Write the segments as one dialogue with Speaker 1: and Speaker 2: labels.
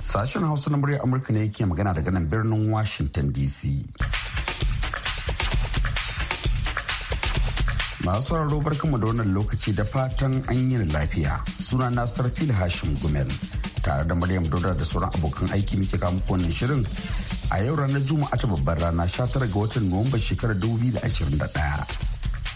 Speaker 1: Sashen Hausa na muryar Amurka ne yake magana daga nan birnin Washington DC. Masu sauraro barkanmu da wannan lokaci da fatan an yi lafiya. Suna na Sarfil Hashim Gumel tare da Maryam Dauda da sauran abokan aiki muke kawo muku wannan shirin a yau ranar juma'a ta babbar rana 19 ga watan nuwamba shekarar 2021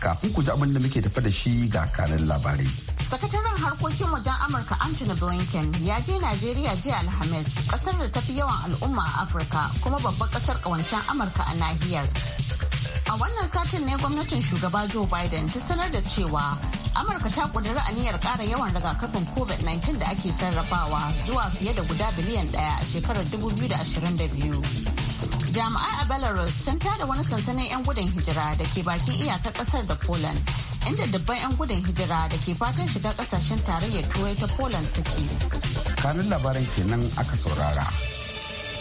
Speaker 1: kafin ku ji abin da muke tafa da shi ga kanin labarai
Speaker 2: sakataren harkokin wajen amurka anthony blinken ya je najeriya jiya alhamis kasar da tafi yawan al'umma a afirka kuma babban kasar kawancen amurka a nahiyar a wannan satin ne gwamnatin shugaba joe biden ta sanar da cewa amurka ta kudura aniyar ƙara yawan rigakafin covid-19 da ake sarrafawa zuwa fiye da guda biliyan ɗaya a shekarar 2022 jami'ai a belarus sun tada wani sansanin 'yan gudun hijira da ke bakin iyakar ƙasar da poland inda dubban 'yan gudun hijira da ke fatan shiga ƙasashen tarayyar turai ta poland suke
Speaker 1: kanun labaran kenan aka saurara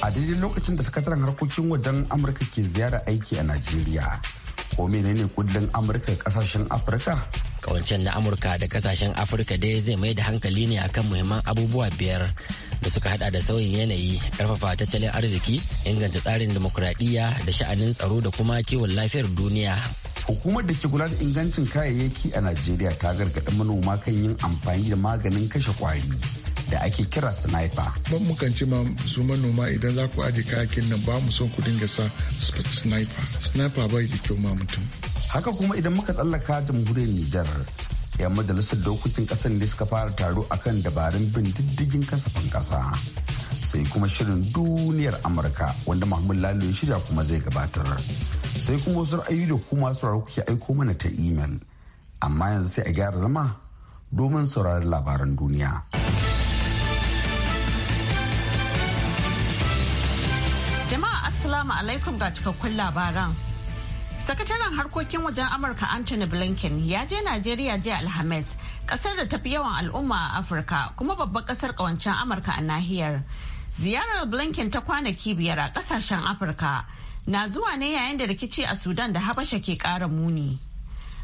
Speaker 1: a daidai lokacin da sakataren harkokin wajen
Speaker 3: amurka ke ziyara aiki a najeriya ko menene kudin amurka kasashen afirka kawancen na amurka da kasashen afirka dai zai mai da hankali ne akan muhimman abubuwa biyar da suka hada da sauyin yanayi karfafa tattalin arziki inganta tsarin demokuraɗiyya da sha'anin tsaro da kuma kiwon lafiyar duniya
Speaker 1: hukumar da ke kula da ingancin kayayyaki a najeriya ta gargaɗi manoma kan yin amfani da maganin kashe kwari da ake kira
Speaker 4: sniper. Ban mukan ce ma su manoma idan za ku aje kayakin nan ba mu son ku dinga sa sniper. Sniper bai da kyau ma mutum. haka kuma idan muka tsallaka jamhuriyar
Speaker 1: nijar yan majalisar dokokin kasar ne suka fara taro a kan dabarun bin diddigin kasafin kasa sai kuma shirin duniyar amurka wanda mahmud lalo ya shirya kuma zai gabatar sai kuma wasu ra'ayi da kuma sauraro kuke aiko mana ta imel amma yanzu sai a gyara zama domin sauraron labaran duniya
Speaker 2: jama'a assalamu alaikum ga cikakkun labaran Sakataren harkokin wajen Amurka Anthony Blinken ya je Najeriya jiya Alhamis, kasar da tafi yawan al'umma a Afirka kuma babban kasar kawancen Amurka a nahiyar. Ziyarar Blinken ta kwanaki biyar a kasashen Afirka na zuwa ne yayin da rikici a Sudan da Habasha ke ƙara muni.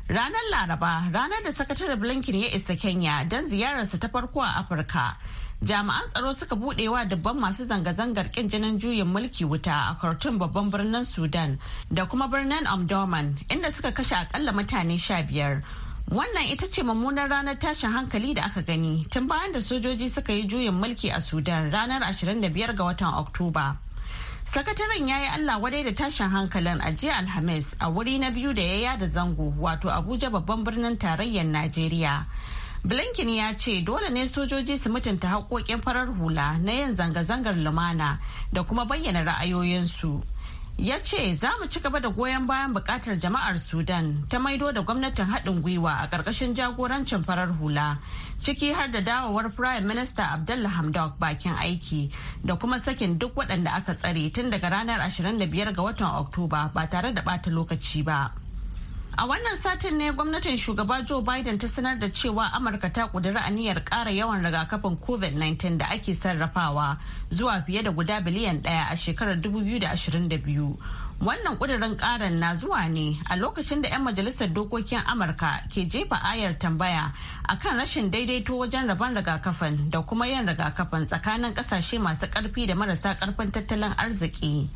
Speaker 2: Ranar Laraba, ranar da sakataren Blinken ya isa Kenya don ziyararsa ta farko a Afirka. jami'an tsaro suka wa dabban masu zanga-zangar kin jinin juyin mulki wuta a khartoum babban birnin sudan da kuma birnin omdurman inda suka kashe akalla mutane sha biyar wannan ita ce mummunar ranar tashin hankali da aka gani tun bayan da sojoji suka yi juyin mulki a sudan ranar 25 ga watan oktoba sakataren ya yi allah wadai da tashin hankalin a jiya alhamis a wuri na biyu da ya yada zango wato abuja babban birnin tarayyar najeriya blinken ya ce dole ne sojoji su mutunta haƙoƙin farar hula na yin zanga-zangar lumana da kuma bayyana ra'ayoyinsu ya ce za mu ci gaba da goyon bayan buƙatar jama'ar sudan ta maido da gwamnatin haɗin gwiwa a ƙarƙashin jagorancin farar hula ciki har da dawowar prime minister abdullah hamdok bakin aiki da kuma sakin duk waɗanda aka tsare tun daga ranar 25 ga watan oktoba ba tare da ɓata lokaci ba. A wannan satin ne gwamnatin shugaba Joe Biden ta sanar da cewa Amurka ta kudura aniyar ƙara yawan rigakafin COVID-19 da ake sarrafawa zuwa fiye da guda biliyan ɗaya a shekarar 2022. Wannan kudirin ƙarin na zuwa ne a lokacin da 'yan majalisar dokokin Amurka ke jefa ayar tambaya a kan rashin daidaito wajen rabon rigakafin da kuma yin rigakafin tsakanin ƙasashe masu ƙarfi da marasa ƙarfin tattalin arziki.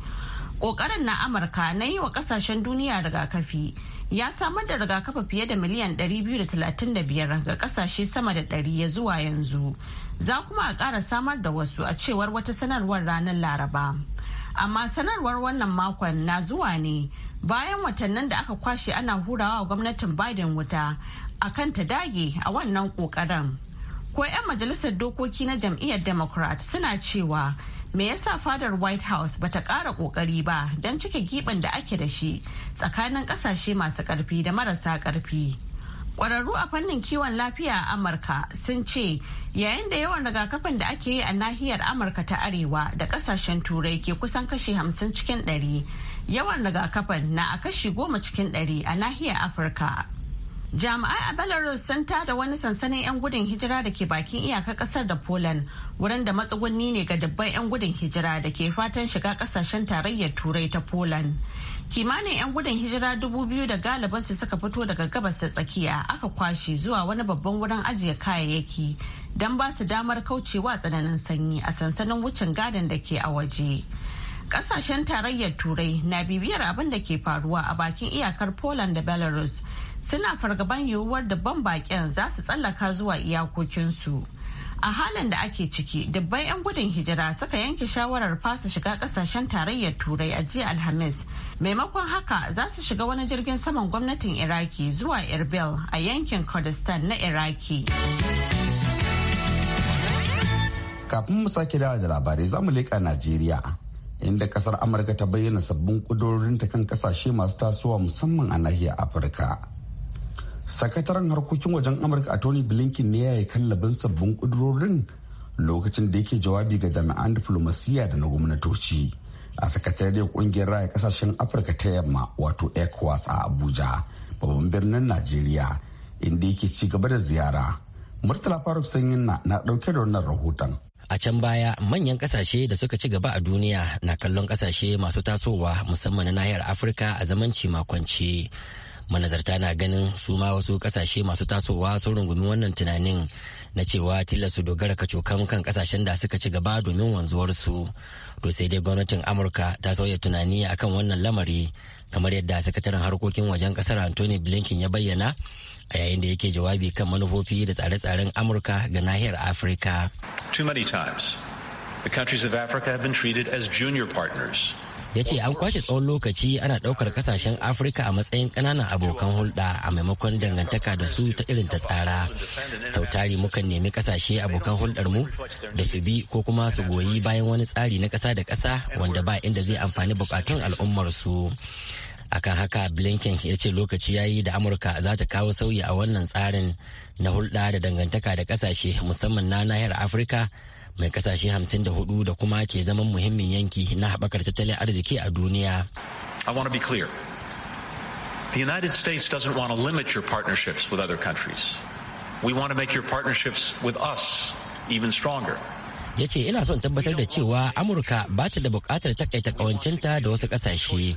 Speaker 2: Ƙoƙarin na Amurka na yi wa ƙasashen duniya rigakafi ya samar da rigakafa fiye da miliyan 235 ga ƙasashe sama da 100 ya zuwa yanzu. Za kuma a ƙara samar da wasu a cewar wata sanarwar ranar Laraba. Amma sanarwar wannan makon na zuwa ne bayan watannin da aka kwashe ana hurawa gwamnatin Biden wuta akan ta dage a wannan ƙoƙarin. Ko 'yan majalisar dokoki na jam'iyyar Democrat suna cewa me yasa fadar white house bata kara kokari ba don cike giɓin da ake da shi tsakanin kasashe masu karfi da marasa karfi kwararru a fannin kiwon lafiya a amurka sun ce yayin da yawan rigakafin da ake yi a nahiyar amurka ta arewa da kasashen turai ke kusan kashi hamsin cikin ɗari yawan rigakafin na a kashi goma cikin ɗari a nahiyar afirka jami'ai a belarus sun tada wani sansanin 'yan gudun hijira da ke bakin iyakar kasar da poland wurin da matsugunni ne ga dabban 'yan gudun hijira da ke fatan shiga kasashen tarayyar turai ta poland kimanin 'yan gudun hijira dubu biyu da su suka fito daga gabas ta tsakiya aka kwashe zuwa wani babban wurin ajiye kayayyaki don ba su damar kaucewa tsananin sanyi a sansanin wucin gadon da ke a waje kasashen tarayyar turai na bibiyar abin da ke faruwa a bakin iyakar poland da belarus suna fargaban yiwuwar dabban baƙin za su tsallaka zuwa iyakokinsu. a halin da ake ciki dubban 'yan gudun hijira suka yanke shawarar fasa shiga kasashen tarayyar turai a jiya alhamis maimakon haka za su shiga wani jirgin saman gwamnatin iraki zuwa erbil a yankin kurdistan na iraki
Speaker 1: kafin mu sake dawa da labarai za mu leƙa najeriya inda kasar amurka ta bayyana sabbin kudurorinta kan kasashe masu tasowa musamman a nahiyar afirka sakataren harkokin wajen amurka a tony blinken ne ya yi kallabin sabbin kudurorin lokacin da yake jawabi ga jami'an diflomasiyya da na gwamnatoci a sakatariyar kungiyar raya kasashen afirka ta yamma wato ecowas a abuja babban birnin najeriya
Speaker 3: inda yake ci gaba da ziyara murtala faruk sanyin na dauke da wannan rahoton a can baya manyan kasashe da suka ci gaba a duniya na kallon kasashe masu tasowa musamman na nahiyar afirka a zamanci makwanci manazarta na ganin su ma wasu kasashe masu tasowa sun rungumi wannan tunanin na cewa tilasta dogara kacokan kan kasashen da suka ci gaba domin wanzuwarsu to sai dai gwamnatin amurka ta sauya tunani akan wannan lamari kamar yadda sakataren harkokin wajen kasar anthony blinken ya bayyana a yayin da yake jawabi kan manufofi da tsare-tsaren amurka ga nahiyar afirka
Speaker 5: too many times the countries of africa have been treated as junior partners
Speaker 3: ya ce an kwashe tsawon lokaci ana ɗaukar kasashen afirka a matsayin ƙananan abokan hulɗa a maimakon dangantaka da su ta irin ta tsara sau tari mukan nemi kasashe abokan hulɗar mu da su bi ko kuma su goyi bayan wani tsari na ƙasa da ƙasa wanda ba inda zai amfani bukatun al'ummar su akan haka blinken ya ce lokaci ya yi da amurka za ta kawo sauyi a wannan tsarin na hulɗa da dangantaka da ƙasashe musamman na nahiyar afirka mai kasashe 54 da kuma ke zaman muhimmin yanki na haɓakar tattalin arziki a duniya.
Speaker 5: I want to be clear. The United States doesn't want to limit your partnerships with other countries. We want to make your partnerships with us even stronger.
Speaker 3: ya ce ina son tabbatar da cewa amurka ba ta da bukatar takaita kawancinta da wasu kasashe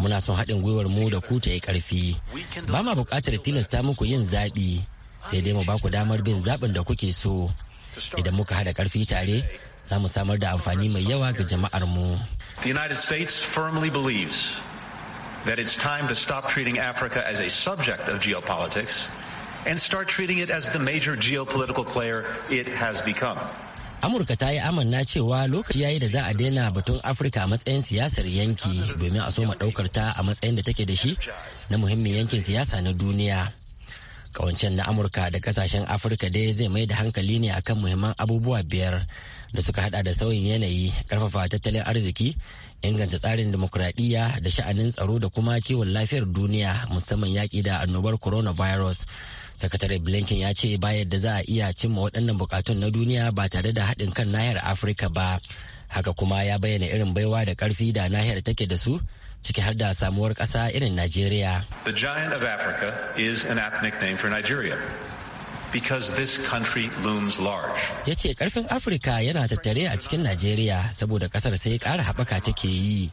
Speaker 3: muna son haɗin gwiwar mu da ku ta yi ƙarfi ba ma bukatar tilasta muku yin zaɓi sai dai mu ba ku damar bin zaɓin da kuke so Idan muka hada karfi tare, za mu samar da amfani mai yawa ga jama'ar mu.
Speaker 5: The United States firmly believes that it's time to stop treating Africa as a subject of geopolitics and start treating it as the major geopolitical player it has become.
Speaker 3: amurka ta yi amanna cewa lokaci yayi da za a daina batun afirka a matsayin siyasar yanki domin a so ma daukar ta a matsayin da take da shi na muhimmin yankin siyasa na duniya kawancen na amurka da kasashen afirka dai zai mai da hankali ne akan muhimman abubuwa biyar da suka hada da sauyin yanayi karfafa tattalin arziki inganta tsarin demokradiyya da sha'anin tsaro da kuma kiwon lafiyar duniya musamman yaƙi da annobar coronavirus sakatare blinken ya ce bayan da za a iya cimma waɗannan buƙatun na duniya ba tare da haɗin kan nahiyar afirka ba haka kuma ya bayyana irin baiwa da ƙarfi da nahiyar take da su ciki har da samuwar ƙasa irin Najeriya.
Speaker 5: The giant of Africa is an ethnic name for Nigeria. because this country looms large.
Speaker 3: Ya ce karfin Afirka yana tattare a cikin Najeriya saboda ƙasar sai ƙara haɓaka take yi.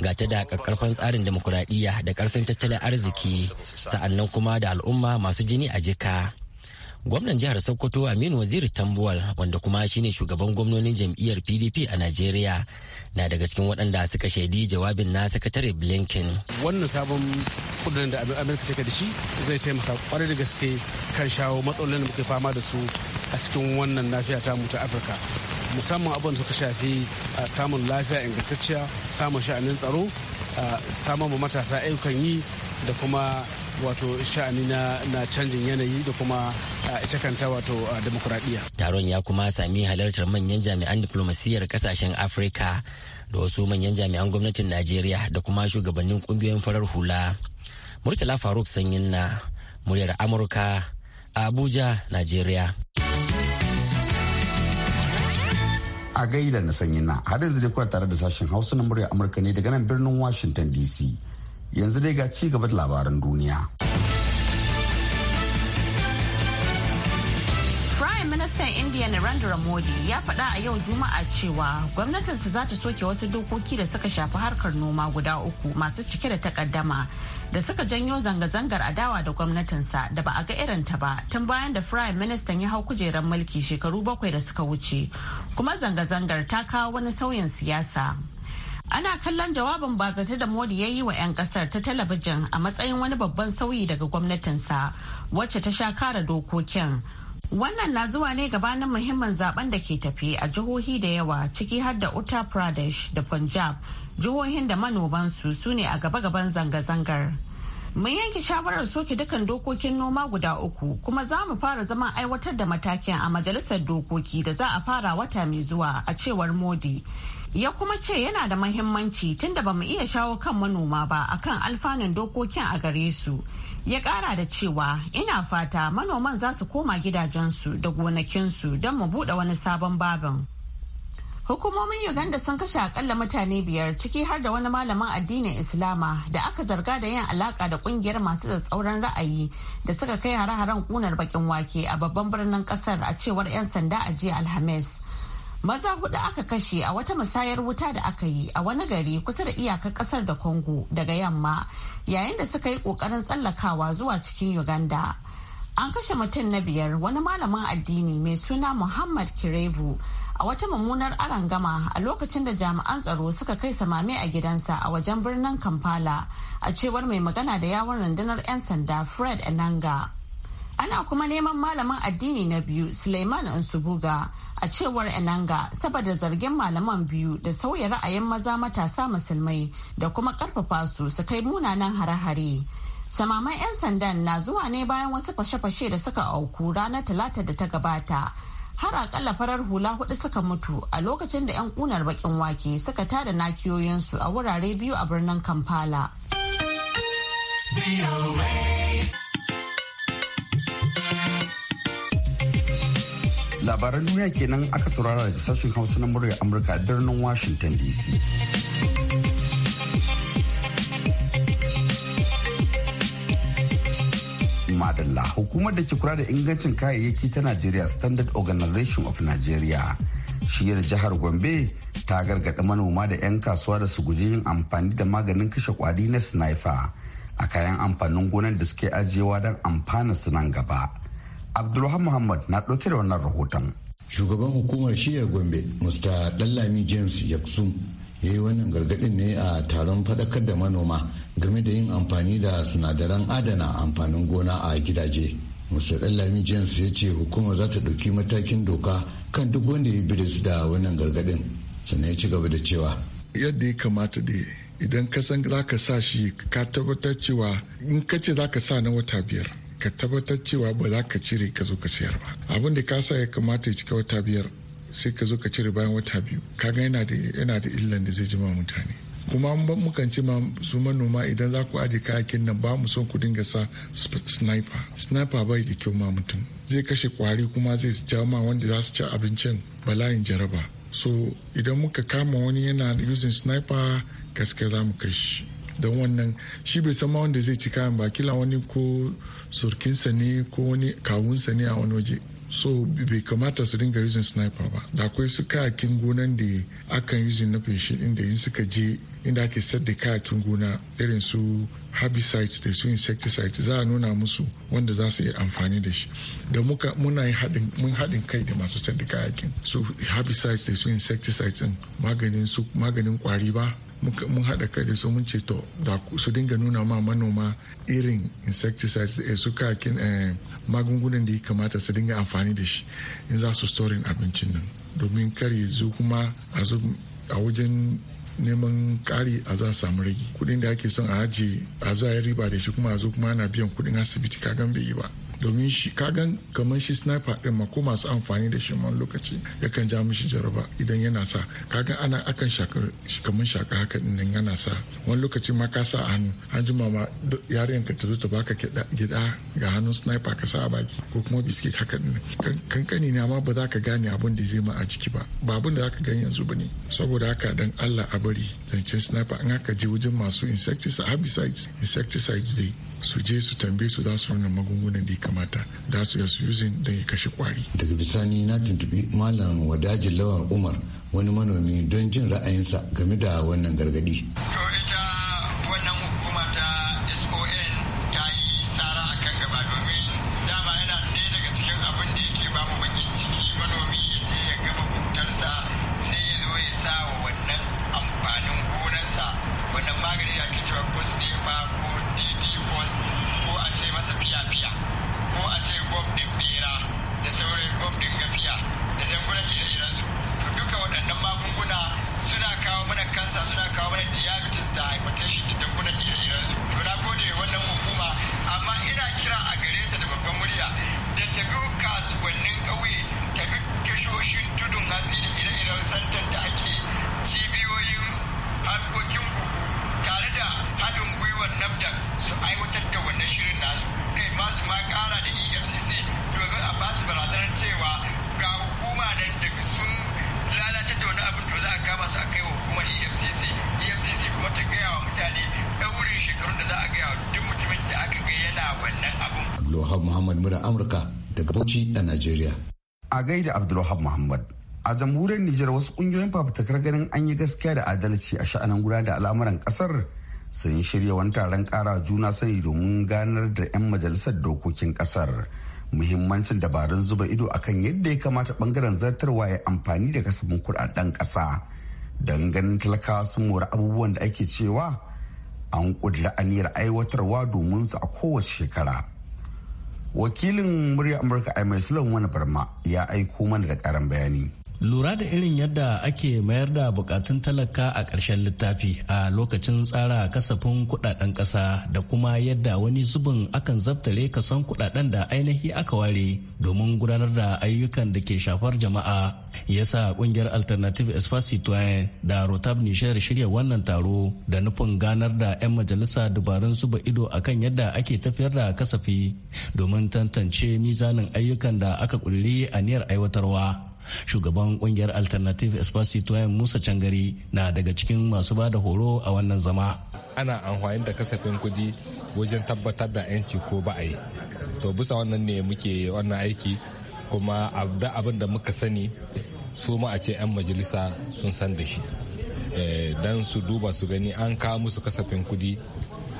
Speaker 3: Ga ta da ƙarfin tsarin demokuraɗiyya da ƙarfin tattalin arziki sa'annan kuma da al'umma masu jini a jika. gwamnan jihar sokoto aminu waziri tambuwal wanda kuma shine shugaban gwamnonin jam'iyyar pdp a najeriya na daga cikin waɗanda suka shaidi jawabin na sakatare blinken
Speaker 6: wannan sabon kudin da amurka take da shi zai taimaka kwarai da gaske kan shawo matsalolin da muke fama da su a cikin wannan nafiya ta ta afirka musamman abin suka shafi a samun lafiya ingantacciya samun sha'anin tsaro samun matasa ayyukan yi da kuma wato sha'ani na canjin yanayi da kuma ita kanta wato demokuraɗiyya.
Speaker 3: Taron ya kuma sami halartar manyan jami'an diplomasiyyar kasashen Afirka da wasu manyan jami'an gwamnatin Najeriya da kuma shugabannin kungiyoyin farar hula. Murtala Faruk Sanyin na muryar Amurka Abuja, Najeriya.
Speaker 1: a gaida na sanyin na har yanzu tare da sashen hausa na murya amurka ne daga nan birnin washington dc yanzu dai ga ci gaba da labaran duniya
Speaker 2: ministan India Narendra Modi ya faɗa a yau Juma'a cewa gwamnatinsa za ta soke wasu dokoki da suka shafi harkar noma guda uku masu cike da takaddama da suka janyo zanga-zangar adawa da gwamnatinsa da ba a ga irinta ba tun bayan da firayim ministan ya hau kujerar mulki shekaru bakwai da suka wuce kuma zanga-zangar ta kawo wani sauyin siyasa Ana kallon jawabin bazata da Modi ya yi wa 'yan kasar ta talabijin a matsayin wani babban sauyi daga gwamnatinsa wacce ta sha kara dokokin. Wannan na zuwa ne gabanin muhimmin zaben da ke tafi a jihohi da yawa ciki har da Uttar Pradesh da Punjab jihohin da manomansu su ne a gaba-gaban zanga-zangar. Mun yanke shawarar soke dukkan dokokin noma guda uku kuma za mu fara zaman aiwatar da matakin a majalisar dokoki da za a fara wata mai zuwa a cewar Modi. ya kuma ce yana da mahimmanci tunda bamu iya shawo kan manoma ba akan alfanun dokokin a gare su ya kara da cewa ina fata manoman za su koma gidajensu da gonakinsu don mu buɗe wani sabon babin hukumomin uganda sun kashe akalla mutane biyar ciki har da wani malamin addinin islama da aka zarga da yin alaka da kungiyar masu tsatsauran ra'ayi da suka kai hare-haren kunar bakin wake a babban birnin kasar a cewar 'yan sanda a jiya alhamis maza hudu aka kashe a wata musayar wuta da aka yi a wani gari kusa da iyakar kasar da congo daga yamma yayin da suka yi kokarin tsallakawa zuwa cikin uganda an kashe mutum na biyar wani malamin addini mai suna muhammad kirevu a wata mummunar arangama a lokacin da jami'an tsaro suka kai samame a gidansa a wajen birnin kampala a cewar mai magana da yawon rundunar 'yan sanda fred enanga ana kuma neman malamin addini na biyu suleiman nsubuga a cewar Enanga saboda zargin malaman biyu da sauya ra'ayin maza matasa musulmai da kuma karfafa su su kai munanan hare-hare. Samaman 'yan sandan na zuwa ne bayan wasu fashe-fashe da suka auku ranar talata da ta gabata. Har akalla farar hula hudu suka mutu a lokacin da 'yan kunar bakin wake suka tada nakiyoyinsu a wurare biyu a birnin Kampala.
Speaker 1: labaran duniya kenan aka saurara da sashen hausa na murya amurka a birnin washington dc madalla hukumar da ke kula da ingancin kayayyaki ta Nigeria standard organization of nigeria shiyar jihar gombe ta gargaɗi manoma da 'yan kasuwa da su guji yin amfani da maganin kashe kwari na sniper a kayan amfanin gonar da suke ajiyewa don amfana su nan gaba Abdulrahman muhammad na ɗauke da wannan rahoton shugaban hukumar shiyar gombe mr dallami james yaksun ya yi wannan gargaɗin ne a taron faɗakar da manoma game da yin amfani da sinadaran adana amfanin gona a gidaje
Speaker 4: mr dallami james ya ce hukumar za ta ɗauki matakin doka kan duk wanda ya biris da wannan gargaɗin sannan ya ci gaba da cewa yadda ya kamata da idan ka san za ka sa shi ka tabbatar cewa in ka ce za ka sa na wata biyar ka tabbatar cewa ba za ka cire ka zo ka sayar ba abin da ka sa ya kamata ya cika wata biyar sai ka zo ka cire bayan wata biyu kaga yana da yana da illan da zai ji ma mutane kuma an ban mukan ce ma su manoma idan za ku aje kayakin nan ba mu son ku dinga sa sniper sniper bai da kyau ma mutum zai kashe kwari kuma zai ja ma wanda za su ci abincin bala'in jaraba so idan muka kama wani yana using sniper gaske za mu kai shi don wannan shi bai san wanda zai ci kayan ba kila wani ko surkinsa ne ko wani kawunsa ne a wani waje so bai kamata su dinga using sniper ba da akwai su kayakin gonan da akan using na feshi inda yin suka je inda ake sayar da kayakin gona irin su herbicides da su insecticides za a nuna musu wanda za su yi amfani da shi da muka muna mun haɗin kai da masu sayar da kayakin su herbicides da su insecticides din maganin su maganin kwari ba mun haɗa kai da su mun ce to da su dinga nuna ma manoma irin insecticides da su kayakin eh, magungunan da ya kamata su dinga amfani amfani da shi in za su storin abincin nan domin kare zu kuma a zo a wajen neman kari a za samu rage kudin da ake son a ajiye a za a riba da shi kuma a zo kuma ana biyan kudin asibiti kagan bai yi ba domin shi kagan kamar shi sniper din ma ko masu amfani da shi man lokaci yakan ja mishi jaraba idan yana sa kagan ana akan shakar kamar shaka haka din nan yana sa wani lokaci ma ka sa a hannu an ji ma yaren ka ta zo ta baka gida ga hannun sniper ka sa a baki ko kuma biskit haka din kankani ne amma ba za ka gane abun da zai ma a jiki ba ba abin da za ka gani yanzu ba ne saboda haka dan Allah a bari zancen sniper in aka je wajen masu insecticides herbicides insecticides dai su je su tambaye su za su wannan magungunan da kamata da su yasu using da ya kashe kwari. Daga bisani na tuntubi Malam wadajin Lawan Umar wani manomi don jin ra'ayinsa game da wannan gargadi.
Speaker 1: Abdulwahab Muhammad muna Amurka daga Bauchi a Najeriya. A gaida Abdulwahab Muhammad. A jamhuriyar Nijar wasu kungiyoyin fafutukar ganin an yi gaskiya da adalci a sha'anin gudanar da al'amuran kasar sun shirya wani taron kara juna sani domin ganar da 'yan majalisar dokokin kasar. muhimmancin dabarun zuba ido akan yadda ya kamata bangaren zartarwa ya amfani da kasafin kudaden kasa don ganin talakawa sun mora abubuwan da ake cewa an kudura aniyar aiwatarwa domin su a kowace shekara. wakilin murya amurka a mai wani barma ya aiko mana da karin bayani
Speaker 7: lura da irin yadda ake mayar da bukatun talaka a ƙarshen littafi a lokacin tsara kasafin kudaden ƙasa da kuma yadda wani zubin akan zabtare kason kudaden da ainihi aka ware domin gudanar da ayyukan da ke shafar jama'a ya sa kungiyar alternative espacitoyen da rotab nishiyar shirya wannan taro da nufin ganar da 'yan majalisa dubarun zuba ido akan yadda ake tafiyar da kasafi domin tantance mizanin ayyukan da aka a aniyar aiwatarwa shugaban kungiyar alternative espacito musa cangari na daga cikin masu ba da horo a wannan zama
Speaker 6: ana amfani da kasafin kudi wajen tabbatar da 'yanci ko ba a yi to bisa wannan ne muke wannan aiki kuma abin da muka sani su ma a ce 'yan majalisa sun san da shi eh, don su duba su gani an kawo musu kasafin kudi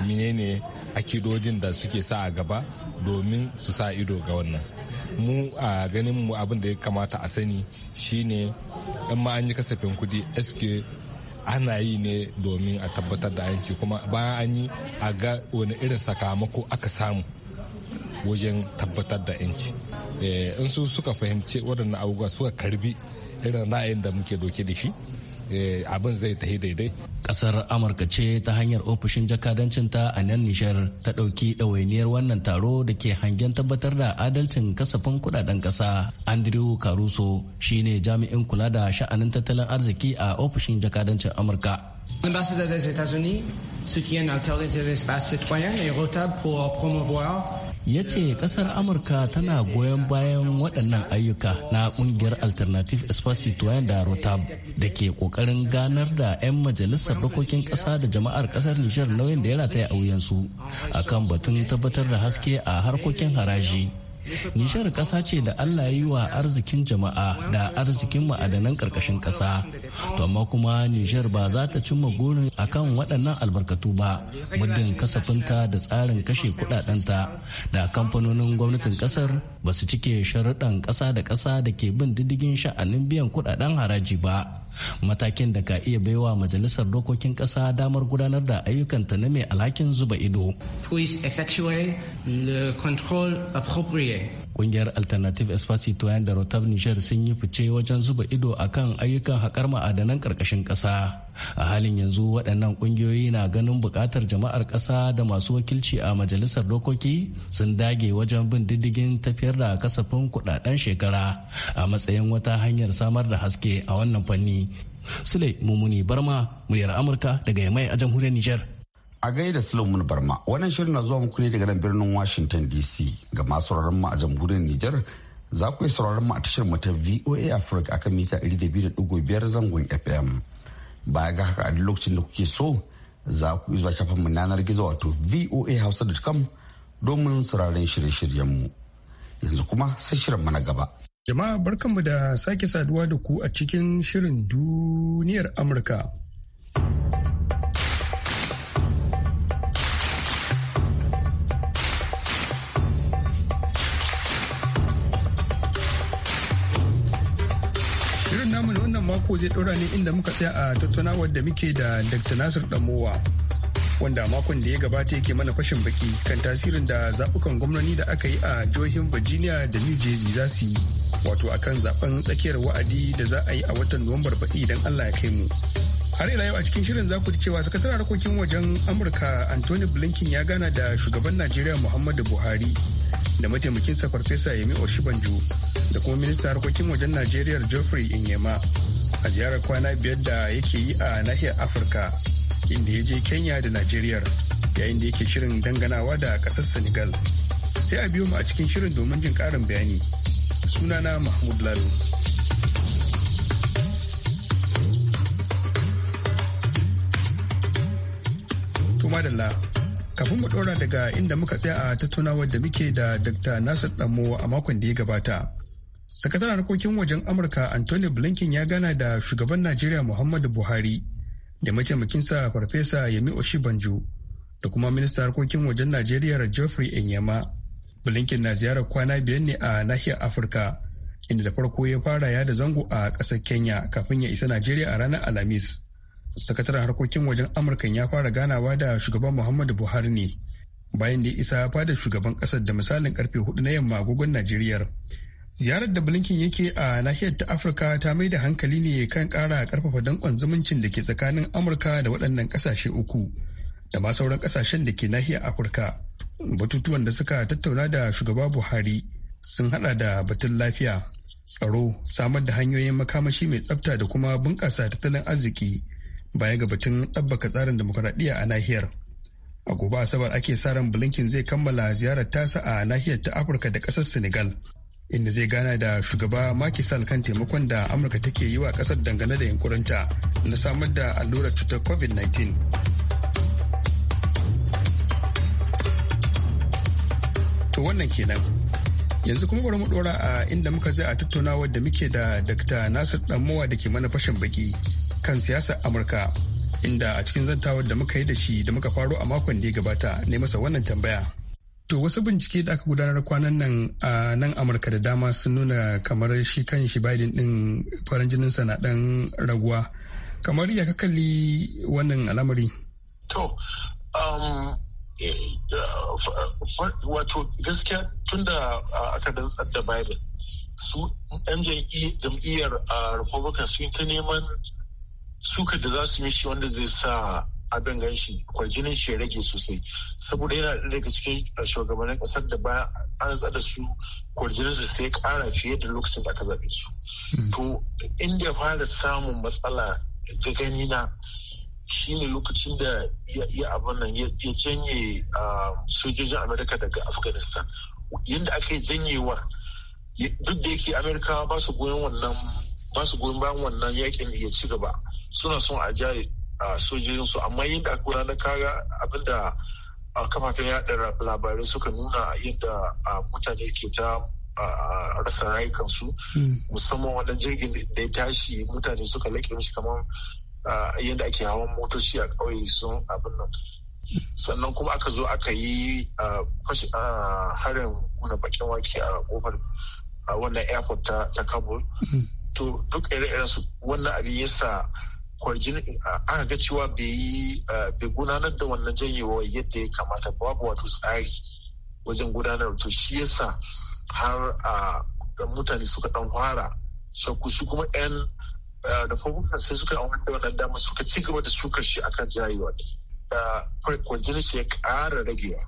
Speaker 6: menene akidodin da suke sa a gaba domin su sa ido ga wannan mu a ganin mu abin da ya kamata a sani shine in ma an yi kasafin kuɗi eske ana yi ne domin a tabbatar da yanki kuma bayan an yi a ga wani irin sakamako aka samu wajen tabbatar da yanci eh, in su suka fahimci waɗannan abubuwa suka karbi irin ra'ayin da muke
Speaker 7: doke da shi Eh, abin zai tafi daidai. Kasar Amurka ce ta hanyar ofishin jakadancinta a nan Nishar ta ɗauki ɗawainiyar wannan taro da ke hangen tabbatar da adalcin kasafin kudaden ƙasa. Andrew Caruso shine jami'in kula da sha'anin tattalin arziki a ofishin jakadancin Amurka.
Speaker 8: Ambassador des États-Unis soutient alternative espace citoyen et rotable pour promouvoir
Speaker 7: ya ce kasar amurka tana goyon bayan waɗannan ayyuka na ƙungiyar alternative espacito da rotab da ke ƙoƙarin ganar da 'yan majalisar dokokin ƙasa da jama'ar ƙasar nijar nauyin da ya rataya a wuyansu akan batun tabbatar da haske a harkokin haraji Nishar ƙasa ce da Allah yi wa arzikin jama'a da arzikin ma'adanan ƙarƙashin ƙasa. To amma kuma Nishar ba za ta cimma gurin kan waɗannan albarkatu ba muddin kasafinta da tsarin kashe kuɗaɗenta da kamfanonin gwamnatin ƙasar ba su cike sharuɗan ƙasa da ƙasa da ke bin diddigin sha'anin biyan kuɗaɗen haraji ba. matakin da ka iya baiwa majalisar dokokin ƙasa damar gudanar da ayyukanta na mai alhakin zuba ido. Puis effectuer le control appropriate. Kungiyar Alternative Espace Citoyen da Rotab Niger sun yi fice wajen zuba ido a kan ayyukan haƙar ma'adanan ƙarƙashin ƙasa. A halin yanzu waɗannan ƙungiyoyi na ganin buƙatar jama'ar ƙasa da masu wakilci a majalisar dokoki sun dage wajen bin diddigin tafiyar da kasafin kuɗaɗen shekara a matsayin wata hanyar samar da haske a wannan
Speaker 1: fanni. Sule Mumuni Barma, muryar Amurka daga Yamai a jamhuriyar Nijar. A gaida Sulaiman Barma, wannan shirin na zuwa muku ne daga nan birnin Washington DC ga masu mu a jamhuriyar niger za ku yi sauraron mu a tashar mu ta VOA Africa akan mita 200.5 zangon FM. Baya ga haka a duk lokacin da kuke so za ku yi zuwa shafin mu yanar gizo wato voa voahausa.com domin sauraron shirye-shiryen mu. Yanzu kuma sai shirin mu na gaba. Jama'a barkanmu da sake saduwa da ku a cikin shirin
Speaker 6: duniyar Amurka. mako zai ɗora ne inda muka tsaya a tattaunawar da muke da Dr. Nasir Damowa. Wanda makon da ya gabata yake mana fashin baki kan tasirin da zabukan gwamnoni da aka yi a jihohin Virginia da New Jersey za su yi. Wato akan zaben tsakiyar wa'adi da za a yi a watan Nuwambar baɗi idan Allah ya kai mu. har ila yau a cikin shirin zaku ji cewa sakataren harkokin wajen amurka anthony blinken ya gana da shugaban najeriya muhammadu buhari da mataimakinsa farfesa yemi oshibanjo da kuma minista harkokin wajen najeriya geoffrey inyema a ziyarar kwana biyar da yake yi a nahiyar afirka inda ya je kenya da najeriya yayin da yake shirin danganawa da ƙasar senegal sai a biyo mu a cikin shirin domin jin karin bayani sunana mahmud lalo madalla kafin mu ɗora daga inda muka tsaya a tattaunawar da muke da dr nasir damo a makon da ya gabata sakataren harkokin wajen amurka anthony blinken ya gana da shugaban najeriya muhammadu buhari da mataimakinsa farfesa yemi oshibanjo da kuma Minista harkokin wajen najeriya geoffrey Enyema. blinken na ziyarar kwana biyar ne a nahiyar afirka inda da farko ya fara yada zango a ƙasar kenya kafin ya isa najeriya a ranar alhamis sakataren harkokin wajen amurka ya fara ganawa da shugaban muhammadu buhari ne bayan da ya isa fadar shugaban ƙasar da misalin karfe hudu na yamma agogon najeriya ziyarar da blinken yake a nahiyar ta afirka ta mai da hankali ne kan kara karfafa dankon zumuncin da ke tsakanin amurka da waɗannan ƙasashe uku da ma sauran ƙasashen da ke nahiyar afirka batutuwan da suka tattauna da shugaba buhari sun hada da batun lafiya tsaro samar da hanyoyin makamashi mai tsafta da kuma bunƙasa tattalin arziki baya ga batun ɗabbaka tsarin dimokuraɗiyya a nahiyar a gobe asabar ake sa ran blinken zai kammala ziyarar tasa a nahiyar ta afirka da ƙasar senegal inda zai gana da shugaba makisal kan taimakon da Amurka take yi wa kasar dangane da yankuranta na samar da allurar cutar COVID-19. To wannan kenan. Yanzu kuma bari mu dora a inda muka zai a tattaunawa da muke da Dr. Nasir damuwa da ke mana fashin baki kan siyasar Amurka. Inda a cikin zantawar da muka yi da shi da muka faro a makon da ya gabata ne masa wannan tambaya. To wasu bincike da aka gudanar kwanan nan a nan Amurka da dama sun nuna kamar shi kan shi Biden din farin jininsa na dan raguwa. Kamar ya kalli wannan al'amari.
Speaker 5: To, um, eh, eh, uh, wato gaskiya tun da uh, aka dantsar da Biden su ɗan jam'iyyar uh, Republican sun ta neman suka da za su mishi wanda zai sa abin ganshi kwarjinin shi ya rage sosai saboda yana daga cikin uh, shugabannin kasar da ba an tsada su kwarjinin su sai kara fiye da lokacin da aka zaɓe su hmm. to inda fara samun matsala ga gani na shine lokacin da ya abin nan ya janye um, sojojin amerika daga afghanistan yadda aka yi janyewa duk da yake amerikawa ba su goyon wannan ba su goyon wannan yakin ya ci gaba suna son a jaye sojojinsu amma yadda aka na kaga abinda ya yaɗa labarai suka nuna yadda mutane ke ta rasa rayukansu hmm. musamman wannan jirgin da ya tashi mutane suka laƙe mishi kamar yadda ake hawan motoci a ƙauye sun abin nan sannan kuma aka zo aka yi harin kuna bakin wake a kofar wannan airport ta kabul hmm. to duk ire-iren su wannan abin yasa kwarjin eh, aka ga cewa bai eh, gudanar da wannan janyewa yadda ya kamata babu wato tsari wajen gudanar to shi yasa har a eh, mutane suka dan fara shakku su kuma yan da fabukan sai suka amfani da wannan dama suka ci gaba da sukar shi akan jayewa da kwarjin shi ya kara ragewa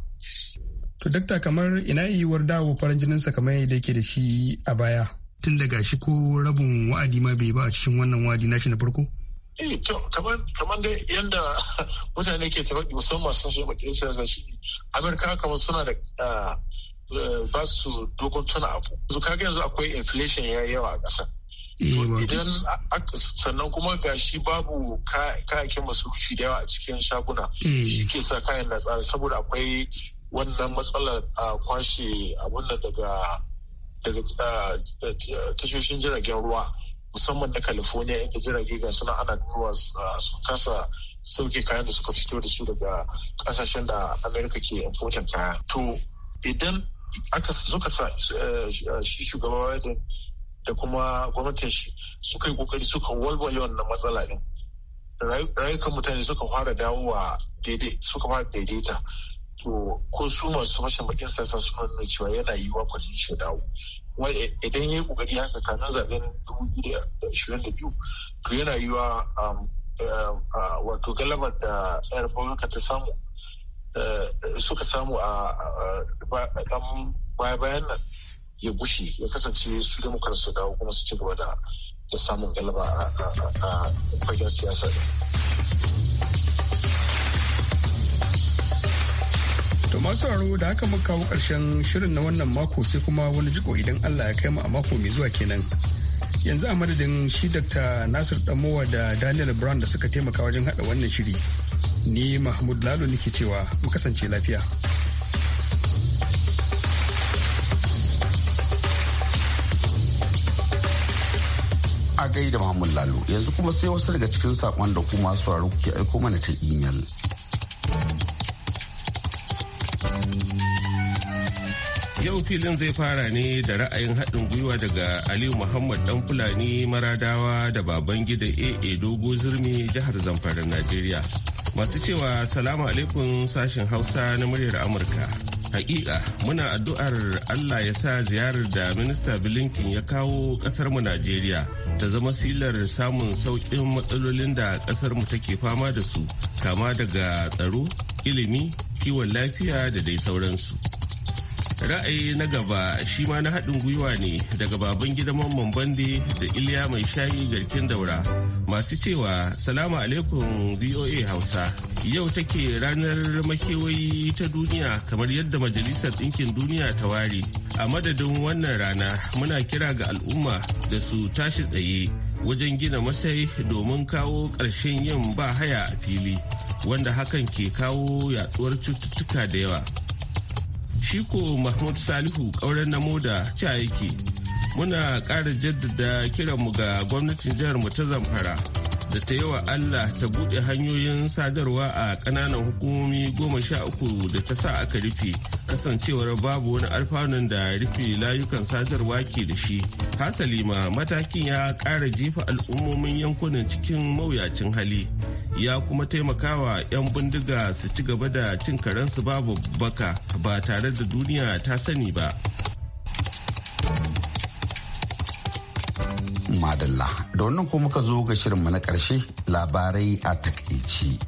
Speaker 6: To dakta kamar ina yiwuwar dawo farin jininsa kamar yadda yake da shi a baya. Tun daga shi ko rabin wa'adi ma bai ba a cikin wannan wa'adi nashi na farko?
Speaker 5: eh to kamar kamar yanda mutane ke tafaɗi musamman sun so bakin siyasa shi amurka kamar suna da ah, eh, ba su dogon tuna abu yanzu kaga yanzu akwai inflation ya yawa a ƙasa
Speaker 8: eh, idan
Speaker 5: sannan kuma ga shi babu masu rufi da yawa a cikin shaguna eh. shi ke sa kayan na tsari saboda akwai wannan matsalar a ah, kwashe abunda daga daga ah, tashoshin jiragen ruwa musamman na california inda jirage ga suna ana duwa sun ah, kasa sauke kayan da suka fito da su daga kasashen da america ke importin kaya to idan aka suka sa eh, ah, shi shugaba biden da kuma gwamnatin shi suka yi kokari suka yawan na matsala din rayukan mutane suka fara dawowa daidai suka fara daidaita to ko su masu mashi makin siyasa su nuna cewa yana wa kwajin shi dawo kuma eh, idan ya yi kokari haka kanin zaben dubu biyu da ashirin da biyu to yana wa um, um, wato galabar da yar bauka ta samu eh, suka samu a dan baya bayan nan ya bushe ya kasance su demokrat su dawo kuma su ci gaba da samun galaba a fagen siyasa
Speaker 6: To masu da haka muka kawo ƙarshen shirin na wannan mako sai kuma wani jiko idan Allah ya kai mu a mako mai zuwa kenan. Yanzu a madadin shi Dr. Nasir Damowa da Daniel Brown da suka taimaka wajen haɗa wannan shiri. Ni Mahmud Lalo nake cewa
Speaker 1: mu kasance lafiya. A gaida Mahmud Lalo yanzu kuma sai wasu daga cikin saƙon da kuma sauraro kuke aiko mana ta
Speaker 4: imel.
Speaker 8: Yau filin zai fara ne da ra'ayin haɗin gwiwa daga Aliyu Muhammad ɗan Fulani Maradawa da baban gida AA Dogo Zurmi jihar Zamfara Najeriya. Masu cewa salamu alaikum sashen Hausa na muryar Amurka. Hakika muna addu'ar Allah ya sa ziyarar da Minista Blinken ya kawo mu Najeriya ta zama silar samun sauƙin matsalolin da ƙasarmu take fama da su, kama daga tsaro, ilimi, kiwon lafiya da dai sauransu. ra'ayi na gaba shi ma na haɗin gwiwa ne daga baban gidan mamman bande da iliya mai shayi garkin daura masu cewa salamu alaikum voa hausa yau take ranar makewayi ta duniya kamar yadda majalisar ɗinkin duniya ta ware a madadin wannan rana muna kira ga al'umma da su tashi tsaye wajen gina masai domin kawo ƙarshen yin ba haya a fili wanda hakan ke kawo yaɗuwar cututtuka da yawa shi ko mahmud salihu ƙauren na moda ci yake muna ƙara jaddada kiranmu ga gwamnatin jihar mu ta zamfara da ta yawa allah ta buɗe hanyoyin sadarwa a ƙananan hukumomi goma sha uku da ta sa aka rufe kasancewar babu wani alfanun da rufe layukan sadarwa ke da shi hasali ma matakin ya ƙara jefa al'ummomin yankunan cikin mawuyacin hali ya kuma taimakawa 'yan bindiga su ci gaba da cin karensu babu baka ba tare da duniya ta sani ba.
Speaker 1: Madalla, da wannan kuma muka zo ga shirinmu na karshe labarai a takaici.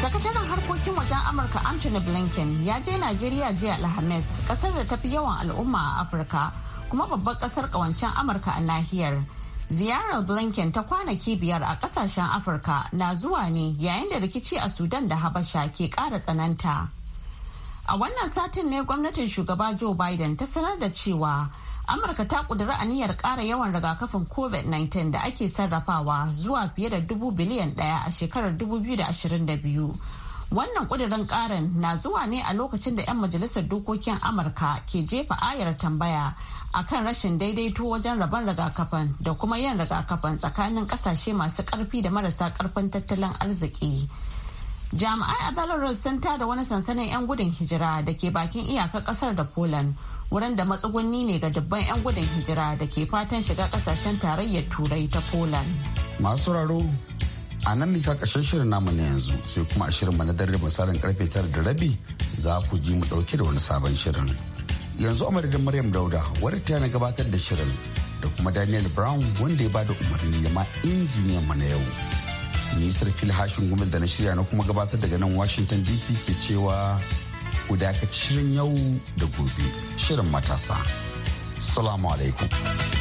Speaker 2: Sakataren harkokin wajen Amurka Anthony Blinken ya je Najeriya jiya Alhamis, kasar da tafi yawan al'umma a Afirka. kuma babbar kasar kawancen amurka a nahiyar ziyarar blinken ta kwanaki biyar a kasashen afirka na zuwa ne yayin da rikici a sudan da habasha ke kara tsananta a wannan satin ne gwamnatin shugaba joe biden ta sanar da cewa amurka ta kudura aniyar kara yawan rigakafin covid-19 da ake sarrafawa zuwa fiye da dubu biliyan daya a shekarar 2022 Wannan kudirin ƙarin na zuwa ne a lokacin da 'yan majalisar dokokin Amurka ke jefa ayar tambaya akan rashin daidaito wajen rabon rigakafan da kuma yin rigakafan tsakanin ƙasashe masu ƙarfi da marasa ƙarfin tattalin arziki. Jami'ai a Belarus sun tada wani sansanin 'yan gudun hijira da ke bakin iyakar kasar da Poland wurin da matsugunni ne ga dubban 'yan gudun hijira da ke fatan shiga ƙasashen tarayyar turai ta Poland.
Speaker 1: Masu raro a nan mika ƙarshen shirin namu na yanzu sai kuma a shirin na dare misalin karfe tara da rabi za ku ji mu ɗauke da wani sabon shirin yanzu a madadin maryam dauda wadda ta yana gabatar da shirin da kuma daniel brown wanda ya bada umarni da ma injiniyan mu na yau Ni fil hashin gumin da na shirya na kuma gabatar daga nan washington dc ke cewa ku dakaci shirin yau da gobe shirin matasa salamu alaikum